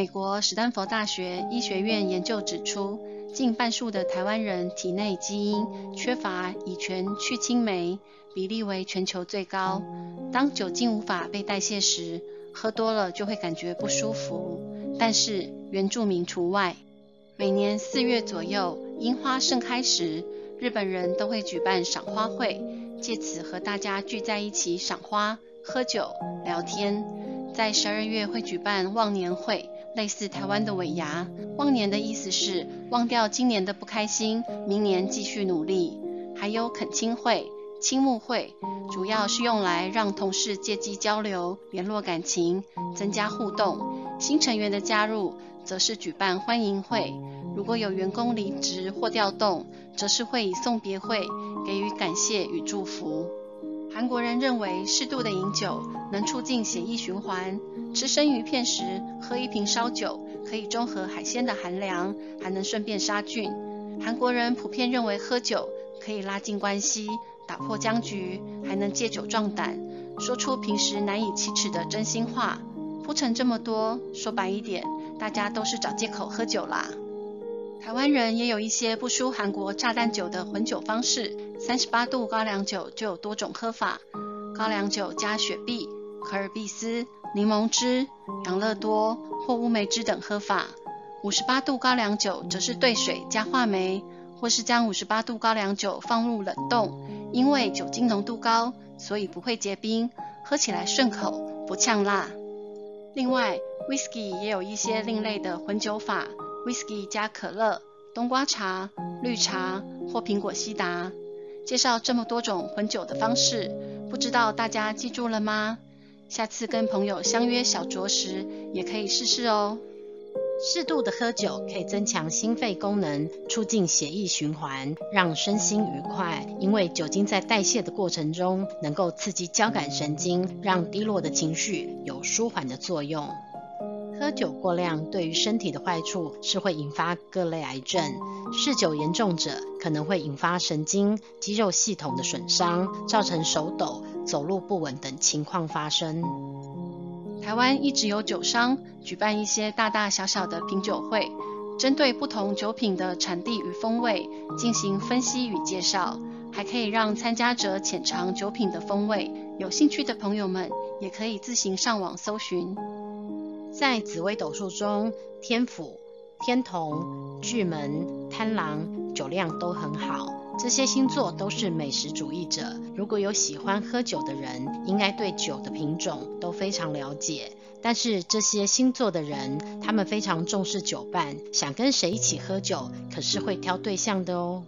美國史丹佛大學醫學院研究指出，近半數的台灣人體內基因缺乏乙醛去氫酶，比例為全球最高。當酒精無法被代謝時，喝多了就會感覺不舒服，但是原住民除外。每年四月左右，櫻花盛開時，日本人都會舉辦賞花會，借此和大家聚在一起賞花、喝酒、聊天。在十二月會舉辦忘年會。類似台灣的尾牙，忘年的意思是忘掉今年的不開心，明年繼續努力。還有懇親會、親睦會，主要是用來讓同事借機交流、聯絡感情、增加互動。新成員的加入，則是舉辦歡迎會；如果有員工離職或調動，則是會以送別會給予感謝與祝福。韓國人認為適度的飲酒能促進血液循環，吃生魚片時喝一瓶燒酒可以中和海鮮的寒涼，還能順便殺菌。韓國人普遍認為喝酒可以拉近關係、打破僵局，還能借酒壯膽，說出平時難以啟齒的真心話。鋪陳這麼多，說白一點，大家都是找借口喝酒啦。台灣人也有一些不輸韓國炸彈酒的混酒方式，三十八度高粱酒就有多種喝法，高粱酒加雪碧、可爾必斯、檸檬汁、養樂多或烏梅汁等喝法。五十八度高粱酒則是兌水加話梅，或是將五十八度高粱酒放入冷凍，因為酒精濃度高，所以不會結冰，喝起來順口不嗆辣。另外，whisky 也有一些另類的混酒法。威士忌加可樂、冬瓜茶、綠茶或蘋果西打，介紹這麼多種混酒的方式，不知道大家記住了嗎？下次跟朋友相約小酌時，也可以試試哦。適度的喝酒可以增強心肺功能，促進血液循環，讓身心愉快。因為酒精在代謝的過程中，能夠刺激交感神經，讓低落的情緒有舒緩的作用。喝酒過量對於身體的壞處是會引發各類癌症，嗜酒嚴重者可能會引發神經肌肉系統的損傷，造成手抖、走路不穩等情況發生。台灣一直有酒商舉辦一些大大小小的品酒會，針對不同酒品的產地與風味進行分析與介紹，還可以讓參加者淺嘗酒品的風味。有興趣的朋友們也可以自行上網搜尋。在紫微斗數中，天府、天同、巨門、貪狼、酒量都很好，這些星座都是美食主義者。如果有喜歡喝酒的人，應該對酒的品種都非常了解。但是這些星座的人，他們非常重視酒伴，想跟誰一起喝酒，可是會挑對象的哦。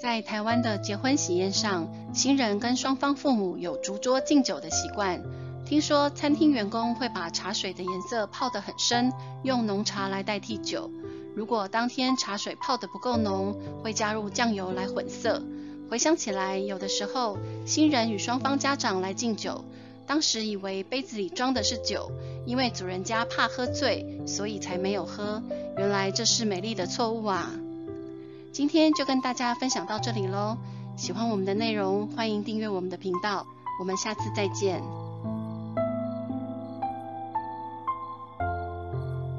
在台灣的結婚喜宴上，新人跟雙方父母有逐桌敬酒的習慣。聽說餐廳員工會把茶水的顏色泡得很深，用濃茶來代替酒。如果當天茶水泡得不夠濃，會加入醬油來混色。回想起來，有的時候新人與雙方家長來敬酒，當時以為杯子裡裝的是酒，因為主人家怕喝醉，所以才沒有喝。原來這是美麗的錯誤啊！今天就跟大家分享到這裡嘍。喜歡我們的內容，歡迎訂閱我們的頻道。我們下次再見。